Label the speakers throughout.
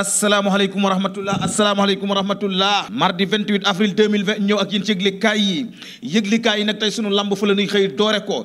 Speaker 1: asalaamaaleykum wa rahmatullah asalaamaaleykum wa rahmatullah mardi 28 avril 2020 ñëw ak yéen ci yëglikaay yi yëglikaay yi nag tey sunu lamb fa la ñuy xëy doore ko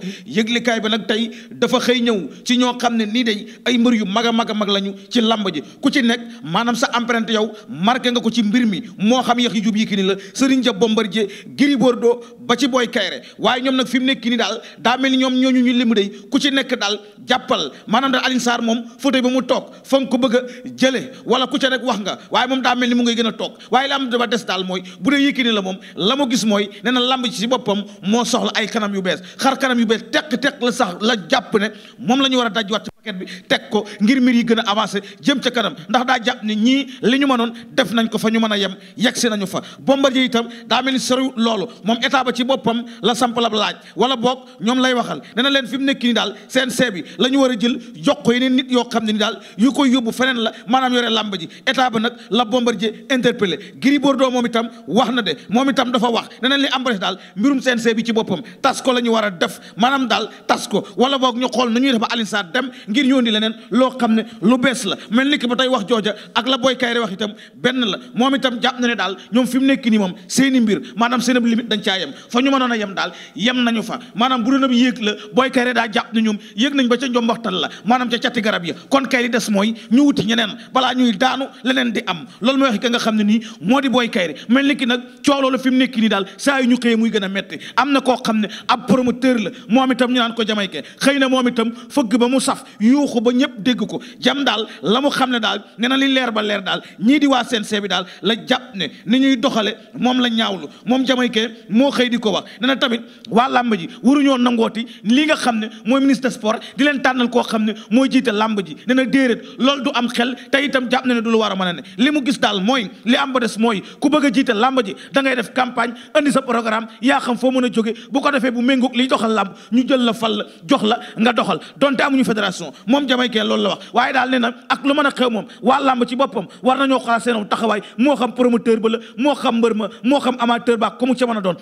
Speaker 1: kaay ba nag tey dafa xëy ñëw ci ñoo xam ne nii day ay mbër yu mag a mag a mag lañu ci lamb ji ku ci nekk maanaam sa empreinte yow marke nga ko ci mbir mi moo xam yax yi jub yi ki ni la Serigne Dia Bombardier Gris doo ba ci booy kayre waaye ñoom nag fi mu nii daal daa mel ni ñoom ñooñu ñu limu day ku ci nekk daal jàppal maanaam daal Alioune Sarr moom fauteuil ba mu toog fa nga ko bëgg a jëlee wala ku ca rek wax nga waaye moom daa mel mu ngay gën a toog waaye la am daba daal mooy bu dee Yékini la moom la mu gis mooy nee na lamb ci boppam moo soxla ay kanam yu bees xar kanam yu bees tekk tekk la sax la jàpp ne moom la ñu war a daj waat paquet bi teg ko ngir mbir yi gën a avancé jëm ca kanam ndax daa jàpp ni ñii li ñu mënoon def nañ ko fa ñu mën a yem yegg si nañu fa bombardier itam daa mel ni soriwut loolu moom état ba ci boppam la samp lab laaj wala boog ñoom lay waxal nee na leen fi mu nekk ni daal CNG bi la ñu war a jël jox ko yeneen nit yoo xam ne ni daal yu koy yóbbu feneen la maanaam yore làmb ji état ba nag la Bombardier interpellé Gris Bordeaux moom itam wax na de moom itam dafa wax nee na li ambres daal mbirum CNG bi ci boppam tas ko la ñu war a def maanaam daal tas ko wala boog ñu xool nu ñuy def dem ngir ñëw di leneen loo xam ne lu bees la mel ni ki ba tey wax jooja ak la Boy Kayre wax itam benn la moom itam jàpp na ne daal ñoom fi mu nekk nii moom seeni mbir maanaam seen ab limite dañ caayam foo ñu mënoon a yem daal yem nañu fa maanaam bu doon yéeg la booy daa jàpp na yéeg nañ ba ca njombaxtal la maanaam ca catti garab ya kon kay des mooy ñu wuti ñeneen balaa ñuy daanu leneen di am loolu mooy wax nga xam ne nii moo di booy kayre mel ni ki nag cooloo la fi mu nekk nii daal saa ñu xëyee muy gën a metti am na koo xam ne ab promoteur la moom itam ñu ko jamayke xëy na moom itam fëgg ba mu saf yuuxu ba ñëpp dégg ko jam daal la mu xam ne daal nee na li leer ba leer daal ñii di waa CNG bi daal la jàpp ne ni ñuy doxale moom la ñaawlu moom jamayke moo xëy di ko wax dana tamit waa làmb ji waruñoo nangooti li nga xam ne mooy ministre sport di leen tànnal koo xam ne mooy jiite làmb ji ne na déeréet loolu du am xel te itam jàpp na ne du lu war a man a ne li mu gis daal mooy li am ba des mooy ku bëgg a jiite làmb ji da ngay def campagne andi sa programme yaa xam foo mën a jóge bu ko defee bu méngoog liy doxal làmb ñu jël la fal la jox la nga doxal donte amuñu fédération moom jamaykee lool la wax waaye daal nee na ak lu mën a xew moom waa làmb ci boppam war nañoo xalaat seen taxawaay moo xam promoteur ba la moo xa mbër ma moo xam amateur ba ko mu ca mën a doon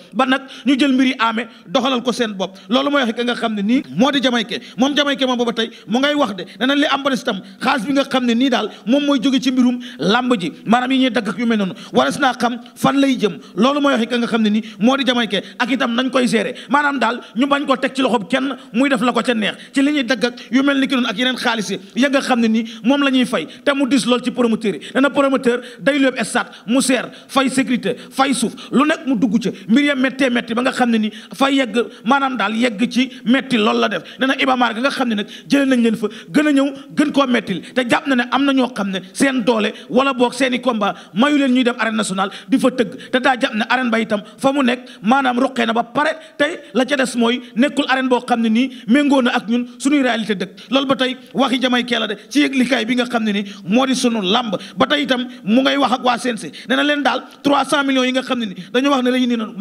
Speaker 1: ñu jël mbiri aame doxalal ko seen bopp loolu mooy waxe nga xam ne nii moo di jamayke moom jamayke moom booba tey mu ngay wax de danañ li am des itam xaalis bi nga xam ne nii moom mooy jóge ci mbirum làmb ji maanaam yu mel noonu waras naa xam fan lay jëm loolu mooy waxe xam ne nii moo di jamayke ak itam nañ koy gérer maanaam daal ñu bañ ko teg ci loxob kenn muy def la ko ca neex ci li ñuy dagg ak yu mel ni ki noonu ak yeneen xaalis yi ya nga xam ne nii moom la ñuy fay te mu dis lool ci promoteur yi dana promoteur day lu yëpp stade mu seer fay sécurité fay suuf lu nekk mu dugg ca mbir ya mettee metti ba nga xam ne ni fa yegg maanaam daal yegg ci metti lool la def nee na Iba Mar nga xam ne nag jëlee nañ leen fa gën a ñëw gën koo mettil te jàpp na ne am na ñoo xam ne seen doole wala boog seeni i combat mayu leen ñuy dem arène nationale di fa tëgg te daa jàpp ne arène ba itam fa mu nekk maanaam roqee na ba pare tey la ca des mooy nekkul arène boo xam ne nii méngoo ak ñun suñuy réalité dëkk loolu ba tey waxi jamay kee la de ci yëglikaay bi nga xam ne ni moo di sunu làmb ba tey itam mu ngay wax ak waa CNG nee na leen daal 300 millions yi nga xam ne ni dañoo wax ne lañu nii noonu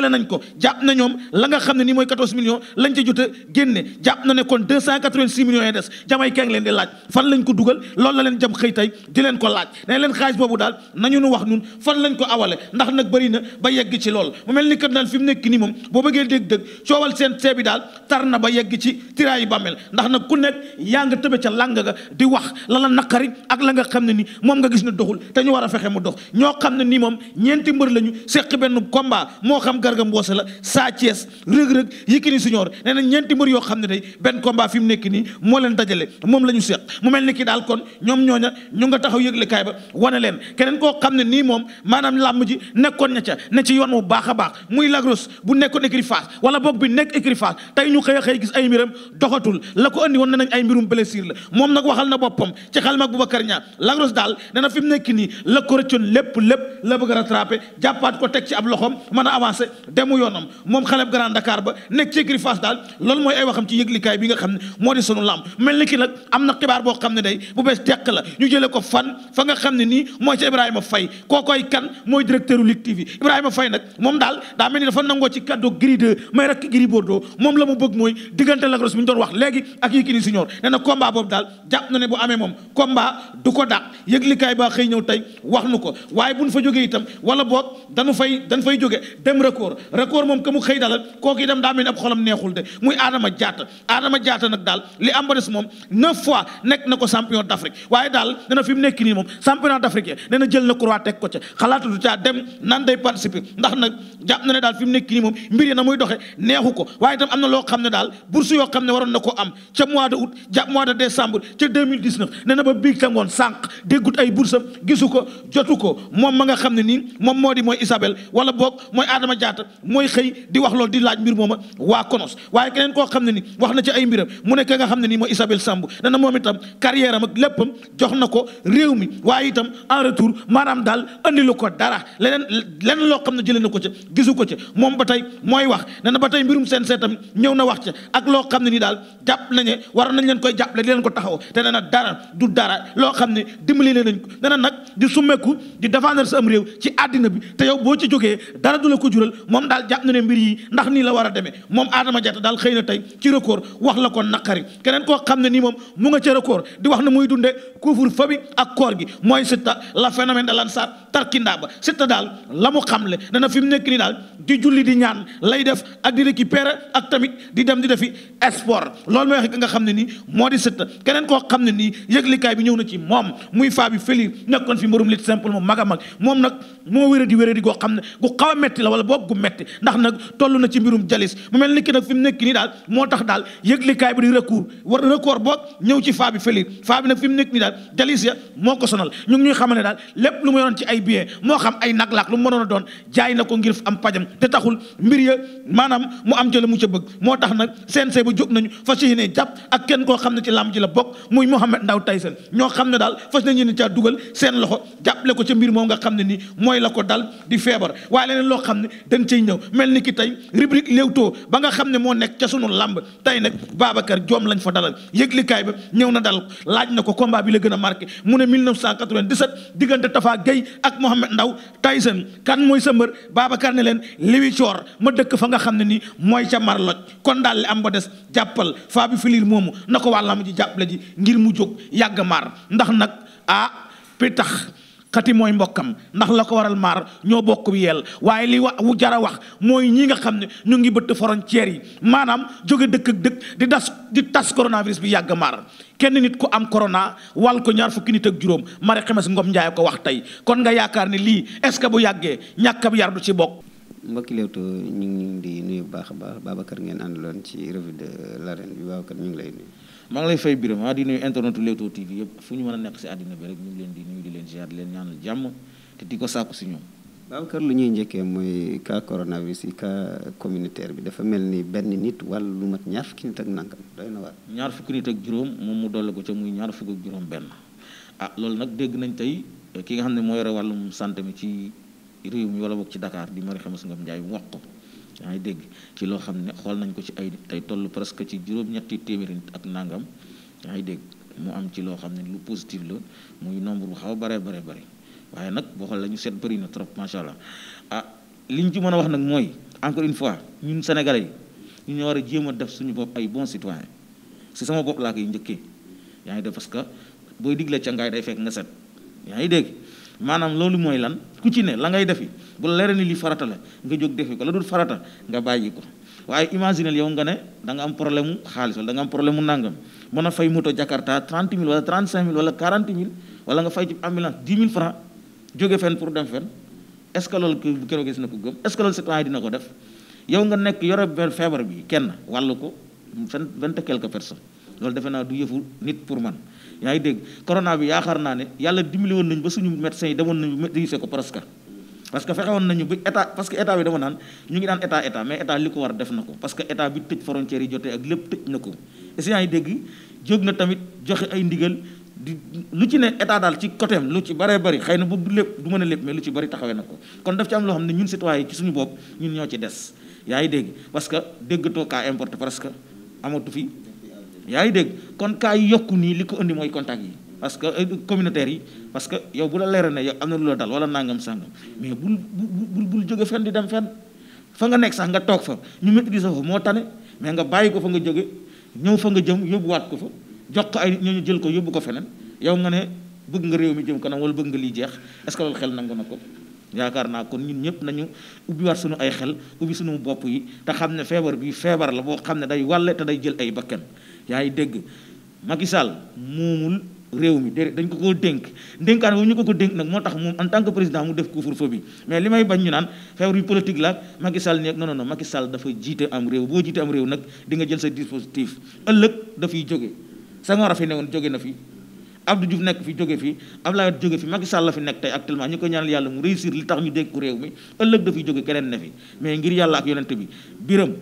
Speaker 1: dajale nañ ko jàpp na ñoom la nga xam ne nii mooy 14 millions a génne na ne kon 286 millions yi des jamay na ba yegg ci lool mu mel ni kat daal fi mu nekk nii moom boo bëggee dégg-dëgg coowal seen see bi daal tar na wax la la naqari ak la nga xam ne ni moom nga gis ne doxul te ñu war a fexe mu dox ñoo xam ne nii moom ñeenti mbër lañu seq benn combat moo xam Garga Mbossé la Sa Thiès rëg-rëg Yékini Junior nee na ñeenti mbër yoo xam ne tey benn combat fi mu nekk nii moo leen dajale moom la ñu seq mu mel ni ki daal kon ñoom ñooña ñu nga taxaw yëglekaay ba wane leen xam ne nii moom maanaam làmb ji nekkoon na ca ne ci yoon wu baax a baax muy lagros bu nekkoon écurie Fass wala boog bi nekk écurie Fass tey ñu xëy a xëy gis ay mbiram doxatul la ko andi woon ne nañ ay mbirum blessure la moom nag waxal na boppam ci xel mag Boubacar Niang lagros daal nee na fi mu nekk nii la ko rëccoon lépp lépp la bëgg a jàppaat ko teg ci a avancé demu yoonam moom xale bu Grand Dakar ba nekk ci écurie Fass daal loolu mooy ay waxam ci yëglikaay bi nga xam ne moo di sunu lamb mel ni ki nag am na xibaar boo xam ne day bu bees teq la ñu jëlee ko fan fa nga xam ne nii mooy ci Ibrahima Faye kookoy kan mooy directeur u Lutte TV Ibrahima Faye nag moom daal daa mel ni dafa nangoo ci kaddu Gris 2 may rakk Gris Bordeaux moom la mu bëgg mooy diggante Lac Rose bi ñu doon wax léegi ak Yékini Senior nee na combat boobu daal jàpp na ne bu amee moom combat du ko dàq yëglikaay ba xëy ñëw tey wax nu ko waaye buñ fa jógee itam wala boog dañu fay record record moom que mu xëy dalal kooku itam daa mel ni ab xolam neexul de muy Adama Diatta Adama Diatta nag daal li am moom neuf fois nekk na ko champion d'Afrique waaye daal nee na fi moom championnat d'Afrique nee na jël na croix teg ko ca xalaatu du caa dem nan day participer ndax nag jàpp na ne daal fi mu moom mbir yi na muy doxee neexu ko waaye itam am na loo xam ne daal bourse yoo xam ne waroon na ko am ca mois de août jàpp mois de caata mooy xëy di wax loolu di laaj mbir mooma waa konos waaye keneen koo xam ne ni wax na ci ay mbiram mu ne ka nga xam ne nii mooy Isabel Samb nee moom itam carrière ak jox na ko réew mi waaye itam en retour maanaam daal andilu ko dara leneen leneen loo xam ne jëlee na ko ca gisu ko ca moom ba tey mooy wax nee na ba tey mbirum seen seetam ñëw na wax ca ak loo xam ne ni daal jàpp nañu war nañ leen koy jàppale di leen ko taxaw te nee na dara du dara loo xam ne dimbali leen ko nee na nag di summeeku di défendre sa am réew ci àddina bi te yow boo ci jógee moom daal jàpp na ne mbir yi ndax nii la war a demee moom Adama Diatta daal xëy na tey ci record wax la ko naqari keneen koo xam ne nii moom mu nga ca record di wax ne muy dundee couvre-feu bi ak koor gi mooy Siteu la phénomène de l'Ansar tarkindaa ba Siteu la mu xamle dana fi mu nekk nii daal di julli di ñaan lay def ak di récupérer ak tamit di dem di defi sport loolu mooy wax nga xam ne nii moo di Siteu keneen koo xam ne nii yëglikaay bi ñëw na ci moom muy Fabi Félix nekkoon fi mbarum lit simple mu mag a mag moom nag moo wéradi wéradi goo xam ne gu xaw a metti la wala boo gu metti ndax nag toll na ci mbirum jalis mu mel ni ki nag fi mu nekk nii daal moo tax daal yëglikaay bi di recours war recours boog ñëw ci faa bi fëlir nag fi mu nekk nii daal jalis ya moo ko sonal ñu ngi ñuy xam ne daal lépp lu mu yoroon ci ay billet moo xam ay nag laak lu mu mënoon a doon jaay na ko ngir am pajam te taxul mbir ya maanaam mu am ca mu ca bëgg moo tax nag CNG ba jóg nañu fas yéene jàpp ak kenn koo xam ne ci làmb ji la bokk muy Mohamed Ndaw Tyson ñoo xam ne daal fas nañu ne caa dugal seen loxo jàppale ko ca mbir moom nga xam ne nii mooy la ko dal di feebar waaye leneen loo xam ne dañ ciy ñëw mel ni ki tey rubrique Leewtoo ba nga xam ne moo nekk ca sunu làmb tey nag Babacar Diome lañ fa dalal yëglikaay ba ñëw na dal laaj na ko combat bi la gën a marqué mu ne 1997 diggante Tafa Gueye ak Mohamed Ndaw Tyson kan mooy sa mbër Babacar ne leen liwi coor ma dëkk fa nga xam ne nii mooy ca marloj kon daal li am ba des jàppal faa bi filiir moomu na ko wàllam ji jàppale ji ngir mu jóg yàgg maar ndax nag ah pitax xati mooy mbokkam ndax la ko waral maar ñoo bokk bi yeel waaye li wa wu jara wax mooy ñi nga xam ne ñu ngi bëtt frontière yi maanaam jóge dëkk ak dëkk di das di tas coronavirus bi yàgg maar kenn nit ku am corona wal ko ñaar fukki nit ak juróom Marie Khemesse Ngom Ndiaye ko wax tey kon nga yaakaar ni lii est-ce que bu yàggee ñàkk yar du ci bokk.
Speaker 2: mbokki Leewtoo ñu ngi di nuyu bu baax a baax Babacar ngeen àndaloon ci revue de l'arène bi Babacar ñu ngi lay nuyu.
Speaker 1: maa ngi lay fay biram dina ah, di nuyu internetu Leewtoo TV yëpp fu ñu mën a nekk si àddina bi rek ñu ngi leen di nuyu leen ziar di leen ñaanal jàmm te di ko sàkku si ñoom.
Speaker 2: kër lu ñuy njëkkee mooy cas coronavirus yi cas communautaire bi dafa mel ni benn nit wala lu mat ñaar fukki nit ak nangam
Speaker 1: doy na waar. ñaar fukki nit ak juróom moom mu dolli ko ca muy ñaar fukk ak juróom benn ah loolu nag dégg nañ tey eh, ki nga xam ne moo yore wàllum santé mi ci réew mi wala boog ci Dakar di Marie Khemesse Ngom Ndiaye wax ko. yaa ngi dégg ci loo xam ne xool nañ ko ci ay tey toll presque ci juróom-ñetti téeméeri ak nangam yaa ngi dégg mu am ci loo xam ne lu positif la muy nombre bu xaw a bare bare bare waaye nag boo xool la ñu seet bëri na trop macha allah ah ñu ci mën a wax nag mooy encore une fois ñun sénégalais yi ñu war a jéem a def suñu bopp ay bons citoyens si sama bopp laa koy njëkkee yaa ngi def parce que booy digle ca ngaay day fekk nga set yaa ngi dégg maanaam loolu mooy lan ku ci la ngay defi bu la leeree ni lii farata la nga jóg defi ko la dul farata nga bàyyi ko waaye imaginer yow nga ne da nga am problème mu xaalis wala da nga am problème mu mën a fay moto Jakarta 30 000 wala 35 000 wala 40 000 wala nga fay ci ambulance 10 000 francs jóge fenn pour dem fenn est ce que loolu bu kenn gis na ko gëm est ce que dina ko def yow nga nekk yore feebar bi kenn wàllu ko vingt vingt et quelques personnes loolu defe naa du yëfu nit pour man yaa ngi dégg corona bi yaakaar naa ne yàlla dimbali woon nañu ba suñu médecins yi demoon parce que fexewoon woon nañu bi état parce que état bi dama naan ñu ngi naan état état mais état li ko war def na ko parce que état bi tëj frontières yi jotee ak lépp tëj na ko essayant tamit joxe ay ndigal di lu ci ne état daal ci côté lu ci bëree bari xëy na bu du lépp du mën a lépp lu ci bëri taxawee na ko kon daf ci am loo xam ne ñun citoyen ci suñu bopp ñun ñoo ci des yaa ngi dégg parce que déggatoo cas importe parce que amatu fi yaa ngi dégg kon kaa yi yokku nii li ko indi mooy contact yi parce que euh, communautaire yi parce que yow bu la leera ne yow am na lu la dal wala nangam sàngam mais bul bul bul jóge fenn di dem fenn fa nga nekk sax nga toog fa ñu maîtriser ko moo tane mais nga bàyyi ko fa nga jóge ñëw fa nga jëm yóbbuwaat ko fa jox ko ay ñooñu jël ko yóbbu ko feneen yow nga ne bëgg nga réew mi jëm kanam wala bëgg nga lii jeex est que loolu xel na ko yaakaar naa kon ñun ñëpp nañu ubbiwaat suñu ay xel ubbi suñu bopp yi te xam ne feebar bi feebar la boo xam ne day wàlle day jël ay bakkan yaa ngi dégg Macky moomul réew mi déedéet dañ ko koo dénk dénkaan boobu ñu ko ko dénk nag moo tax moom en tant que président mu def couvre-feu bi mais li may bañ ñu naan feebar bi politique la Macky Sall nekk non Sall dafa jiite am réew boo jiite am réew nag di nga jël sa dispositif ëllëg dafay jóge Senghor a fi newoon jóge na fi Abdou Diouf nekk fi jóge fi Abdoulaye jóge fi Macky Sall la fi nekk tey actuellement ñu ko ñaanal yàlla mu réussir li tax ñu dénk ko réew mi ëllëg dafay jóge keneen ne fi mais ngir yàlla ak yonent bi Birame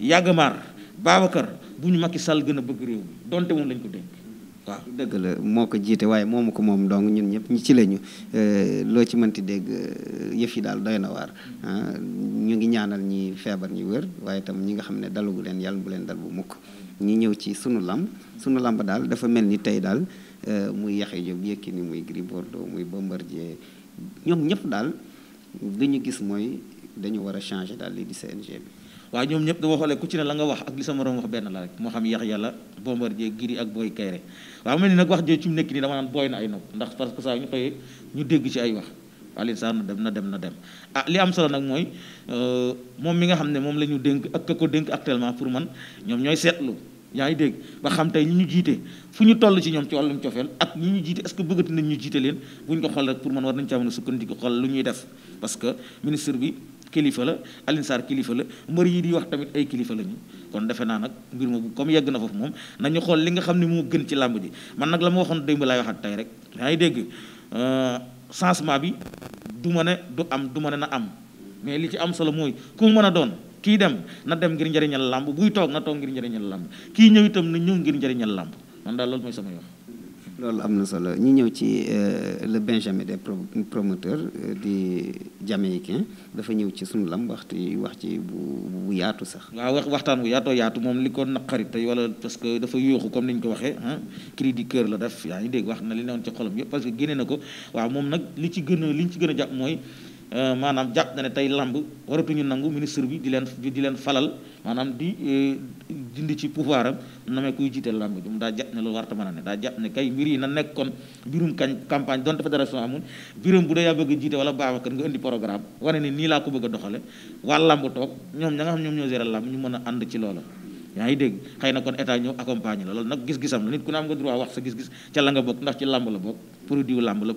Speaker 1: Yagamar Babacar bu ñu Macky Sall gën bëgg réew mi donte moom lañ ko dénk
Speaker 2: waaw dëgg la moo ko jiite waaye moomu ko moom donc ñun ñëpp ñi ci lañu euh, loo ci mënti dégg euh, yëf yi daal doy na waar ah, ñu ngi ñaanal ñi feebar ñu wér waaye tam ñi nga xam ne dalagu leen yàlla bu leen dal bu mukk ñi ñëw ci sunu lamb sunu lamb daal dafa mel ni tey daal euh, muy Yaxya Jóob Yékini muy Gris Bordeaux muy Bombardier ñoom ñëpp daal ñu gis mooy dañu war a changer daal lii di CNG bi waaye ñoom ñëpp boo xoolee ku ci ne la nga wax ak li sa morom benn la rek moo xam yax yàlla
Speaker 1: bombardier giri ak booy kayre waaw mel ni nag wax jooju ci mu nekk nii dama naan booy na ay nopp ndax parce que saa ñu xëyee ñu dégg ci ay wax alin saa na dem na dem na dem ah li am solo nag mooy euh, moom mi nga xam ne moom la ñu dénk ak ka ko dénk actuellement pour man ñoom ñooy seetlu yaa ngi dégg ba xam tey ñi ñu jiite fu ñu toll ci ñoom ci wàllum cofeel ak ñi ñu jiite est-ce que nañ ñu jiite leen bu ñu ko xool rek pour man lu ñuy def parce que ministre bi kilifa la Alioune kilifa la mbër yi di wax tamit ay kilifa lañu kon defe naa nag mbir ma comme yegg na foofu moom nañu xool li nga xam ne moo gën ci làmb ji man nag la ma waxoon démb laay waxaat tey rek yaa ngi dégg euh, changement bi du ma ne du am du ma ne na am mais li ci am solo mooy ku mu mën a doon kii dem na dem ngir njëriñal làmb buy toog na toog ngir njëriñal làmb kii ñëw itam na ñëw ngir njëriñal làmb man daal loolu mooy samay wax
Speaker 2: loolu am na solo ñu ñëw ci euh, le benjamin des promoteurs euh, di jamaïcain dafa ñëw ci sunu lam waxtu wax ci bu bu yaatu sax.
Speaker 1: waaw wax waxtaan bu yaatoo yaatu moom li ko naqari tey wala parce que dafa yooxu comme ni ñu ko waxee ah la def yaa ngi dégg wax na li newoon ci xolom yëpp parce que génne na ko waaw moom nag li ci gën a li ñu ci gën a jàpp mooy. Euh, maanaam jàpp na ne tey lamb waratuñu nangu ministre bi di leen di leen falal maanaam di euh, dindi ci pouvoir am namee kuy jiite lamb ji moom daa jàpp ne a ne daa jàpp ne kay mbir yi na nekkoon mbirum kañ campagne donte fédération amul biram bu dee yaa bëgg a jiite wala baabakat nga indi programme wane ne nii laa ko bëgg a doxale waa lamb toog ñoom ña nga xam ñoom ñoo gérer lamb ñu mën a ànd ci loola yaa ngi dégg xëy na kon état ñëw accompagner la loolu nag gis-gisam la nit ku ne am nga droit la nga bokk ndax ci làmb la bokk produit làmb la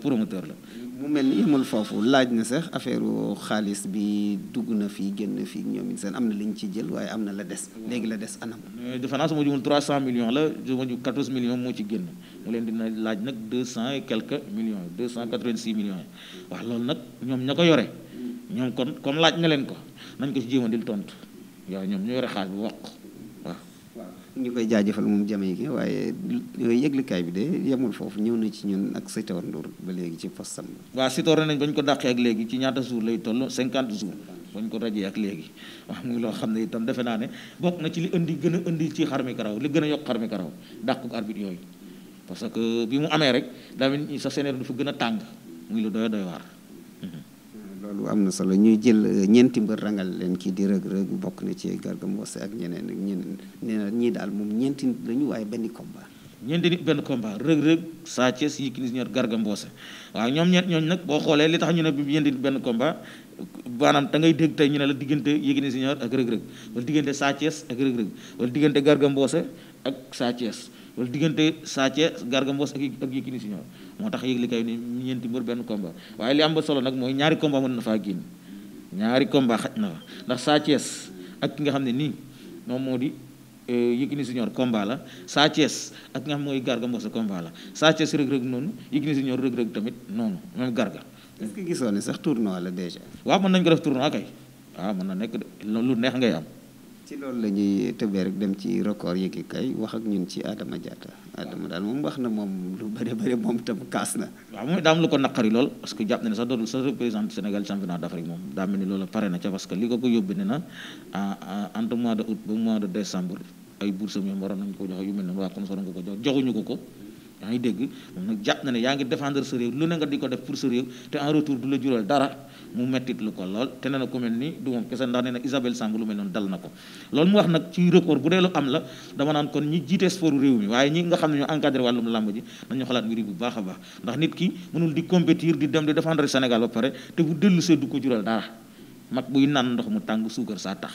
Speaker 2: la mu mel ni yemul foofu laaj na sax affaire xaalis bi dugg na fii génn fii ñoom seen am na li ñu ci jël waaye am na la des léegi la des anam
Speaker 1: defe naa su ma jumul 300 millions la su ma jumul 14 moo ci génn mu leen dina laaj nag 200 et quelques millions 286 millions yi wax loolu nag ñoom ña ko yore ñoom kon comme laaj nga leen ko nañ ko ci jéemandil tontu yow ñoom ñu yore xaalis bu wax
Speaker 2: ñu koy jaajëfal moom jamee ki waaye yëglikaay bi de yemul foofu ñëw nañ ci ñun ak Sitor Ndour ba léegi ci postam
Speaker 1: la waaw Sitor nañ bañ ko dàqee ak léegi ci ñaata jours lay toll cinquante jours bañ ko rajee ak léegi waaw mu ngi loo xam ne itam defe naa ne bokk na ci li indi gën a indi ci xar mi karaw li gën a yokk xar mi karaw ko arbitre yooyu parce que bi mu amee rek daa mel ni sa séenéer dafa gën a tàng muy lu doy doy waar
Speaker 2: loolu am na solo ñuy jël euh, ñeenti mbër rangal leen kii di rëg-rëg bokk na ci Garga Mbossé ak ñeneen ak ñeneen nee na ñii daal moom ñeenti nit lañu waaye benn combat
Speaker 1: ñeenti nit benn combat rëg-rëg Sa Thiès Yékini Junior Garga Mbossé waaw ñoom ñeent ñooñu nag boo xoolee li tax ñu ne bi ñeenti nit benn combat maanaam da ngay dégg tey ñu ne la diggante Yékini Junior ak rëg-rëg wala diggante Sa Thiès ak rëg-rëg wala diggante Garga Mbossé ak Sa Thiès loolu diggante Sa Thiès Garga Mbossé ak si ñoom moo tax yëgle kay ni ñeenti mbër benn combat waaye li am ba solo nag mooy ñaari combat mën na faa génn ñaari combat xaj na fa ndax Sa ak ki nga xam ne nii moom moo di euh, Yékini Senior combat la Sa ak nga xam mooy Garga Mbossé combat la Sa Thiès rëg-rëg noonu Yékini ñor rëg-rëg tamit
Speaker 2: noonu même Garga. est-ce gisoon ne sax tournoi la déjà. waa mën nañu ko def tournoi kay waaw mën na nekk lu neex ngay am. ci loolu la ñuy rek dem ci record yi kay wax ak ñun ci Adama Diatta Adama daal moom wax na moom lu bëri bëri moom tam kaas na. waaw mooy daa am
Speaker 1: lu ko naqari lool parce que sa li ko ko yóbbu ne na entre mois de août ba mois de décembre ay bourses yi waroon nañu ko jox joxuñu ko ko. yaa dégg moom nag jàpp na ne yaa ngi défendre sa réew lu ne nga di ko def pour sa réew te en retour du la jural dara. mu mettit lu ko lool te nee na ku mel ni du moom kese ndax nee na Isabelle Samb lu mel noonu dal na ko loolu mu wax nag ci record bu dee lu am la dama naan kon ñi jiite sportu réew mi waaye ñi nga xam ne ñoo encadré wàllum làmb nañu xalaat mbir a baax ndax nit ki di compétir di dem di défendre Sénégal ba pare te bu dellu see du ko jural dara mag naan ndox mu tàng suukar saa tax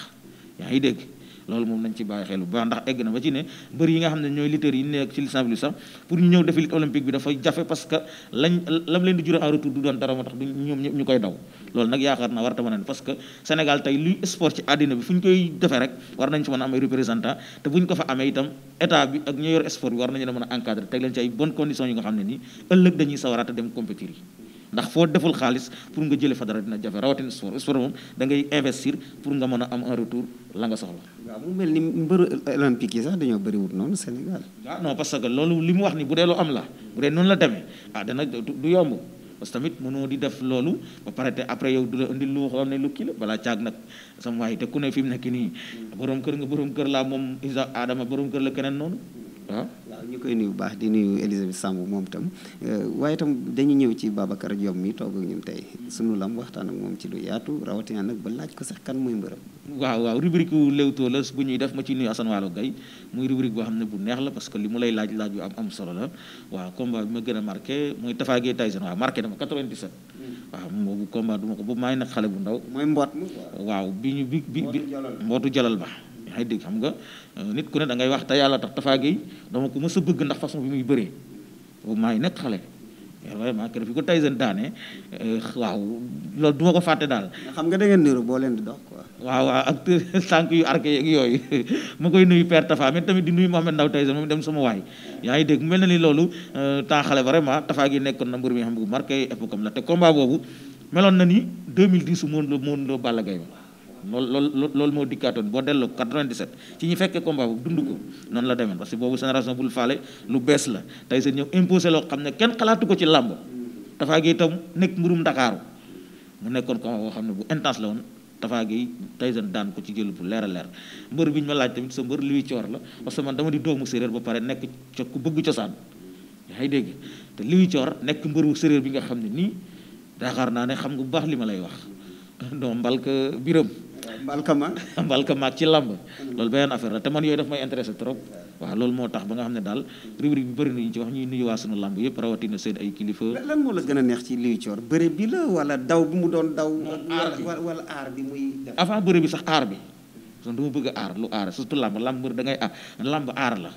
Speaker 1: yaa ngi dégg loolu moom nañ ci bàyyi xel bu baax ndax egg na ba ci ne mbër yi nga xam ne ñooy lutteurs yi nekk ci licence bi sax pour ñu ñëw defi olympique bi dafay jafe parce que lañ lam leen di jural en retour du doon dara moo tax du ñu koy daw loolu nag yaakaar na war a ne parce que Sénégal tey luy sport ci àddina bi fu ñu koy defee rek war nañ ci mën a am représentant te bu ñu ko fa amee itam état bi ak ñu yor sport bi war nañu ne mën a encadrer teg leen ci ay bonnes conditions yu nga xam ne nii ëllëg dañuy sawaraata dem compétir yi ndax foo deful xaalis pour nga jëlee fa dara dina jafe rawatina sport sport moom da ngay investir pour nga mën a am un retour la nga soxla.
Speaker 2: waaw mu mel ni mbëru olympique yi sax dañoo bëriwut noonu Sénégal.
Speaker 1: ah non parce que loolu li mu wax ni bu dee lu am la bu dee noonu la ah yomb. parce que tamit mënoo di def loolu ba pare te après yow du la indi lu xam ne lu kii la balaa caag nag sama waay te ku ne fi mu nekk nii mm. borom kër nga borom kër laa moom isa aadama borom kër la keneen noonu
Speaker 2: waaw ñu koy nuyu bu baax di nuyu Elisabeth Samb moom itam euh, waaye itam dañu ñëw ci Babacar Diom mi toog ak tey tey sunu lam waxtaan ak moom ci lu yaatu rawatina nag ba laaj ko sax kan mooy mbërëm
Speaker 1: waaw waaw rubrique Leewtoo bu ñuy def ma ci nuyu Assane Waalo muy rubrique xam ne bu neex la parce que li mu lay laaj laaj yu solo la waaw combat bi ma gën a marqué mooy Tapha Gueye Tyson waaw marqué dama 97 hmm. waaw boobu combat du ma ko boobu maa ngi nag xale bu ndaw mooy mboot waaw ñu bi mbootu jalal ba yaa dégg xam nga euh, nit ku ne da ngay wax te yàlla tax tafaa gi dama ko mës sa bëgg ndax façon bi muy bëree boobu maa ngi nekk xale vraiment keroog fi ko Tyson daane euh, waaw loolu du ma ko fàtte daal.
Speaker 2: xam nga da ngeen niru boo leen di waaw
Speaker 1: waaw ak sànq yu arke yeeg yooyu ma koy nuyu Père Tafa mais tamit di nuyu Mohamed Ndaw Tyson moom dem sama waay. yaa ngi dégg mel na ni loolu euh, temps xale vraiment Tafa gi nekkoon na mbir mi xam nga bu marqué époque am la te combat boobu meloon na ni 2010 Modou Lo Modou Lo Balla Gaye ba lool lool loolu moo dikkaatoon boo delloo 97 ci ñi fekkee combat boobu dund ko noonu la demee parce que boobu génération bul faale lu bees la tey seen ñëw imposé loo xam ne kenn xalaatu ko ci làmb Tapha Gueye itam nekk mburum Ndakaaru mu nekkoon ko boo xam ne bu intense la woon Tapha Gueye Tyson daan ko ci jël bu leer a leer mbër bi ñu ma laaj tamit sa mbër liy coor la parce que man dama di doomu séeréer ba pare nekk co ku bëgg cosaan yaa ngi dégg te liy coor nekk mbëru séeréer bi nga xam ne nii yaakaar naa ne xam nga bu baax li ma lay wax donc mbal ka mbalkama mbalkama ak ci làmb loolu beneen affaire la te man yooyu daf may intéressé trop waaw loolu moo tax ba nga xam ne daal rubrique bi bëri nañu ci wax ñuy nuyu waa sunu làmb yëpp rawatina seen ay kilifa
Speaker 2: lan la gën a
Speaker 1: neex ci liy coor
Speaker 2: bëre bi la wala daw bi mu doon daw wala aar bi muy avant
Speaker 1: bëre bi sax aar bi son dama bëgg aar lu aar surtout làmb làmb da ngay aar làmb aar la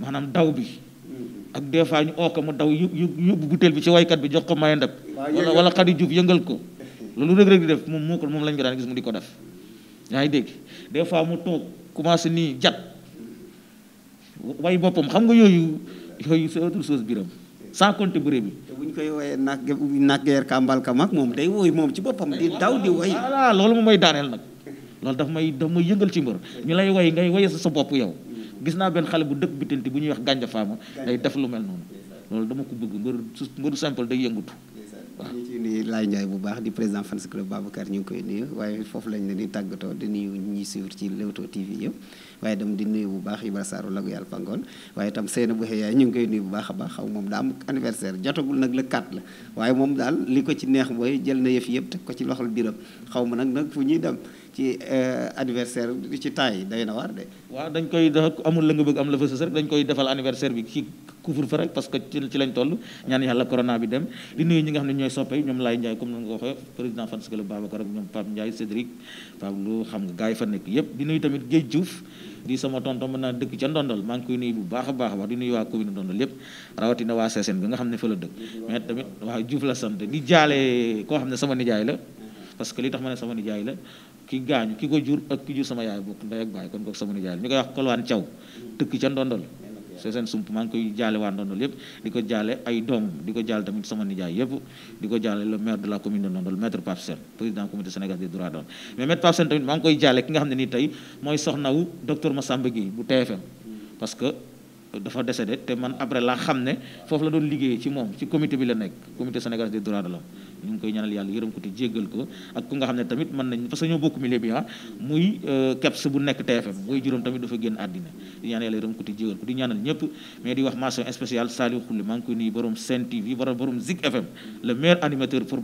Speaker 1: maanaam daw bi mm-hmm. ak des fois ñu oo ko mu daw yóbbu butéel bi ci waykat bi jox ko maye ndab wala wala xadi juuf ko loolu rëg-rëg moom moo ko moom di ko def yaa ngi dégg des fois mu toog commencé nii jat way boppam xam nga yooyu yooyu c'est autre chose biram sans compter bëre bi.
Speaker 2: te bu ñu koy wooyee nag naggeer kàmbal ka mag moom day wooy moom ci boppam di daw di woy.
Speaker 1: loolu moom may daaneel nag loolu daf may daf ma yëngal ci mbër ñu lay woy ngay woye sa bopp yow gis naa benn xale bu dëkk bitanti
Speaker 2: bu ñuy wax gànja faama day def lu mel noonu loolu dama ko bëgg mbër mbëru simple day yëngatu. ñu ci nuyu Laye Ndiaye bu baax di président fans club Babacar ñu ngi koy nuyu waaye foofu lañ ne di tàggatoo di nuyu ñi suivre ci Leewtoo TV yëpp waaye dem di nuyu bu baax Ibra Saaru lagu yàlla pangoon waaye itam seena bu xëyaay ñu ngi koy nuyu bu baax a baax xaw moom daa am anniversaire jotagul nag le 4 la waaye moom daal li ko ci neex mooy jël na yëf yëpp teg ko ci loxol biram xaw ma nag nag fu ñuy dem ci euh, anniversaire ci taay day na wa de
Speaker 1: dañ koy amul la nga la fa sës rek dañ koy defal anniversaire bi ci couvre-feu rek parce que ci lañ toll ñaan yàlla corona bi dem di nuyu ñi nga xam ne ñooy soppe ñoom Laye Ndiaye comme ni nga ko waxee président fan club xam a baax wax di ne fa la dëkk mais tamit waa Diouf la sant di jaale koo xam ne sama nijaay la parce que li tax ma ne sama nijaay la ki gaañu ki ko jur ak ki jur la ñu koy wax Kolwaan Thiaw dëkk ca Ndondol seen sump maa ngi koy jaale waa Ndondol yëpp di ko jaale ay doom di ko jaale tamit sama nijaay yëpp di ko jaale le maire de la commune de Ndondol maître président comité Sénégal des droits de mais maître Pape tamit maa ngi koy jaale ki nga xam ne nii tey mooy soxnawu docteur Massamba Guèye bu TFM parce que dafa décédé te man après laa xam ne foofu la doon liggéey ci moom ci comité bi la nekk comité sénégalais des droits de l'homme ñu koy ñaanal yàlla yërëm ko te jéggal ko ak ku nga xam ne tamit mën nañ parce que bokk milieu bi ah muy keps euh, bu nekk TFM mooy juróom tamit dafa génn àddina di ñaanal yàlla yërëm ko te jéggal ko di ñaanal ñëpp mais di wax mention spéciale Saliou Khoule maa ngi koy nuyu borom Sen TV borom borom Zik FM le meilleur animateur